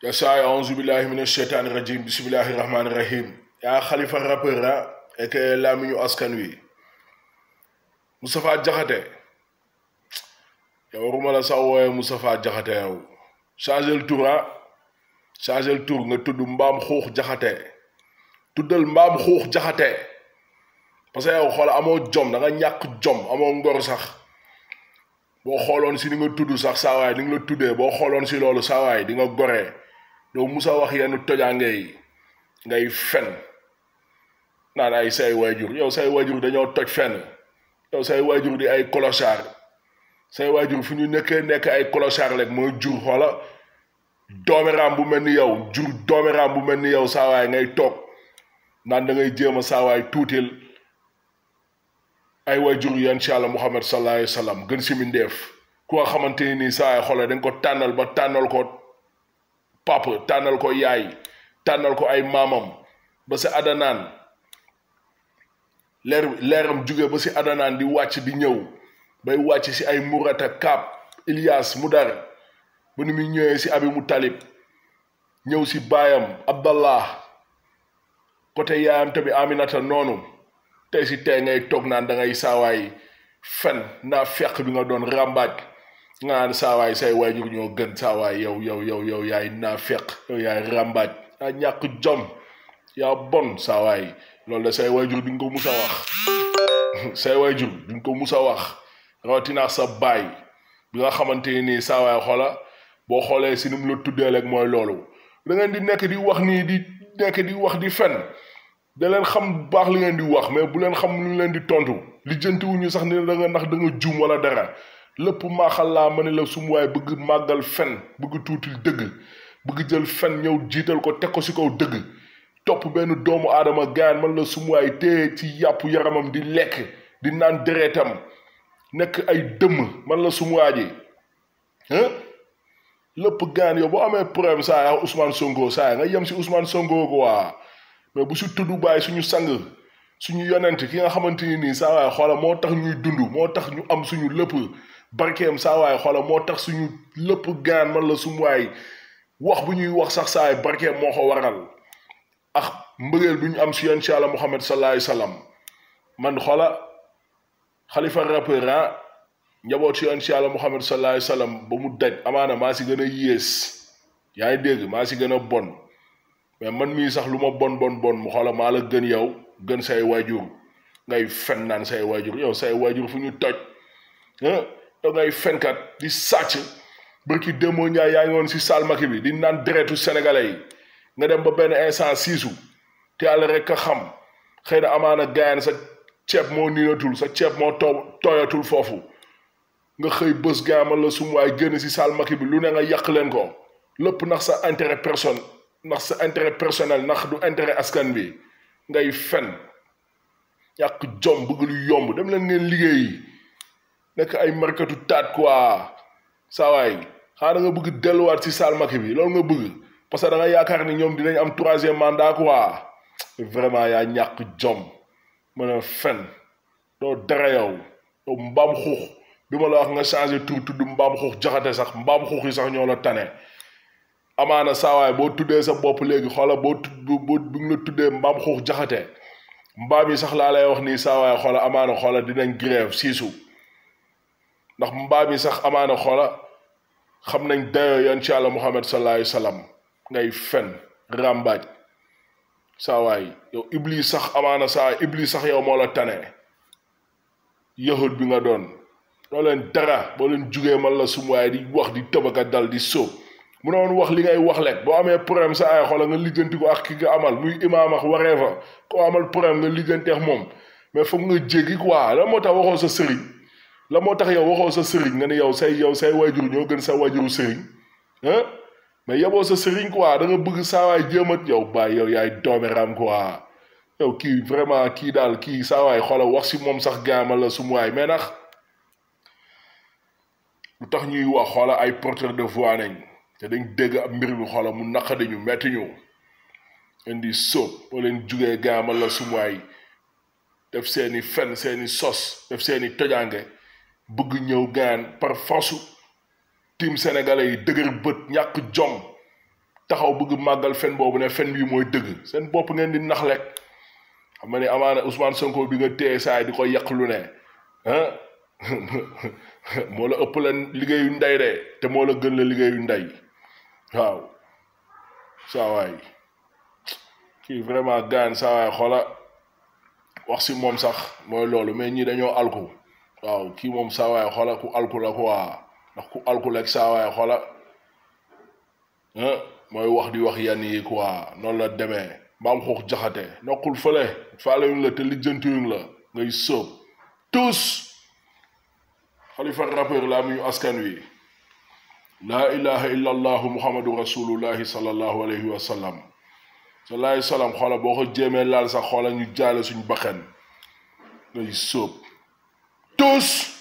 te saay aouzu billahi min asheytaani rajim bismillahi rahmaani rahim yaa xalifa rappeur a ah, ek lamiñu askan wi Moustapha Diakhaté yow waruma la sax wooye Moustapha Diakhaté yow ah. tour nga tudd mbaam xuux Diakhaté tuddal mbaam xuux jaxate parce que yow xoola amoo jom da ñàkk jom amoo ngor sax boo xooloon si ni nga tudd sax saawaay ni nga la tuddee boo xooloon si loolu saawaay di goree doo musa wax yenn tojaange yi ngay fen naan ay say waajur yow say waajur dañoo toj fenn yow say waajur di ay clochard say waajur fu ñu nekkee nekk ay clochard rek mooy jur xoola doomeraam bu mel ni yow jur doomeraam bu mel ni yow saawaay ngay toog naan dangay ngay jéem a saawaay tuutil ay waajur yi incha allah muhammad sallallahu alayhi wa sallam gën si mindeef ku nga xamante ni nii saawaay xolo dañ ko tànnal ba tànnal ko papa tànnal ko yaay tànnal ko ay maamam ba si adanaan leer leeram jóge ba si adanaan di wàcc di ñëw bay wàcc si ay murata kaab ilias mudar ba ni muy ñëwee si abi mu ñëw si baayam abdallah côté yaayam tamit aminata noonu tey si tey ngay toog naan da ngay saawaay fen naa feq bi nga doon ràmbaaj naan saawaay say waajur ñoo gën saawaay yow yow yow yow yaay naafeq yow yaay ràmbaaj yaa ñàkk jom yaa bon saawaay loolu la say waajur duñ ko mus a wax say waajur duñ ko mus a wax rawatina sa baay bi nga xamante ni saawaay xoola boo xoolee si ni mu la rek mooy loolu da di nekk di wax nii di nekk di wax di fen da leen xam baax li ngeen di wax mais bu leen xam lu leen di tontu li jëntiwuñu sax ni da nga ndax da nga juum wala dara lépp maaxàllaa laa ma ne la sumu waay bëgg màggal fen bëgg tuutil dëgg bëgg jël fen ñëw jiital ko teg ko si kaw dëgg topp benn doomu aadama gaan man la sumu waay ci yàpp yaramam di lekk di naan dereetam nekk ay dëmm man la sumu waay ji lépp gaan yow boo amee problème saa yaa Ousmane Sonko saa nga yem si Ousmane Sonko quoi mais bu si tudd bàyyi suñu sang suñu yonent ki nga xamante ni nii saa waay xoola moo tax ñuy dund moo tax ñu am suñu lëpp barkeem saa waay xoola moo tax suñu lëpp gaan man la sumu wax bu ñuy wax sax saa waay barkeem moo ko waral ax mbëggeel bu ñu am si yonent yàlla Muhammad sallallahu alayhi man xoola xalifa rappeur ah, njaboot si yonent yàlla Muhammad sallallahu alayhi wasallam ba mu daj amaana maa si gën a yées yaa ngi dégg maa ci gën a bon mais man mii sax lu ma bon bon bon mu xola maa la gën yow gën say waajur ngay fen naan say waajur yow say waajur fu ñu toj yow eh, ngay fenkat di sàcc bërki démoo njaay yaa ngi woon si salmaki bi di naan deretu sénégalais yi nga dem ba benn instant siisu te yàlla rek a xam xëy na amaana gaayan sa ceeb moo niinatul sa ceeb moo too tooyatul foofu nga xëy bés gaamal la sum waay génn si salmaki bi lu ne nga yàq leen ko lépp ndax sa intérêt personne ndax sa intérêt personnel ndax du intérêt askan bi ngay fen ñàkk jom bëgg lu yomb dem leen ngeen liggéey nekk ay markatu taat quoi saawaay xaaral nga bëgg delluwaat si saal Macky bi loolu nga bëgg parce que da yaakaar ni ñoom dinañ am troisième mandat quoi vraiment yaa ñàkk jom mën a fen doo dara yow yow mbaam xuux bi ma la wax nga changé tur tudd mbaam xuux jaxate sax mbaam xuux yi sax ñoo la tane amaana saawaay boo tuddee sa bopp léegi xoola boo bu bu nga tuddee mbaam xuux jaxate mbaam yi sax laa lay wax nii saawaay xoola amaana xoola dinañ grève siisu ndax mbaam yi sax amaana xoola xam nañ dayoo yan ci yàlla muhammad sallallahu alayhi wa sallam ngay fen yow iblis sax amaana saawaay iblis sax yow moo la tane yahud bi nga doon doo leen dara boo leen jugee man la sum waaye di wax di tëbaka dal di sóob munoon wax li ngay wax lekk boo amee problème sa ay xoola nga lijjanti ko ak ki nga amal muy imaam ak waree fa koo amal problème nga lijjanti ak moom mais foog nga jéggi waa la moo tax waxoo sa sëriñ la moo tax yow waxoo sa sëriñ nga ne yow say yow say waajur ñoo gën sa waajuru sëriñ ah mais yeboo sa sëriñ quoi da nga bëgg saawaay jéemat yow bàyyi yow yaay ko quoi yow kii vraiment kii daal kii saawaay xoola wax si moom sax gaama la sumu waay mais ndax lu tax ñuy wax xoola ay porteur de voix nañ te dañ dégg ab mbir mi xoola mu naqadi ñu metti ñu indi sóob boo leen jugee gaamal la sumuwaay def seeni fen seeni sos def seeni tojaange bëgg ñëw gaan par force team sénégalais yi dëgër bët ñàkk jom taxaw bëgg màggal fen boobu ne fen bii mooy dëgg seen bopp ngeen di nax lekk xam nga ne amaana Ousmane Sonko bi nga téye saay di ko yàq lu ne moo la ëpp la liggéeyu ndey de te moo la gën la liggéeyu ndey waaw saawaay kii vraiment gaan saawaay xoola wax si moom sax mooy loolu mais ñi dañoo alku waaw kii moom saawaay xoola ku alku la quoi ndax ku alku lek saawaay xoola mooy wax di wax yenn yi quoi noonu la demee mbaam xuux jaxate noqul fële yu la te lijjantiwuñ la ngay sëb tous xalifa rappeur laa mu ñu askan wi laa ilaha illa allahu muhammadu rasulullahi sallallahu alayhi wa sallam salaay salaam xoola boo ko jéemee laal sa xoola ñu jaale suñu bakkan ngay sóob tous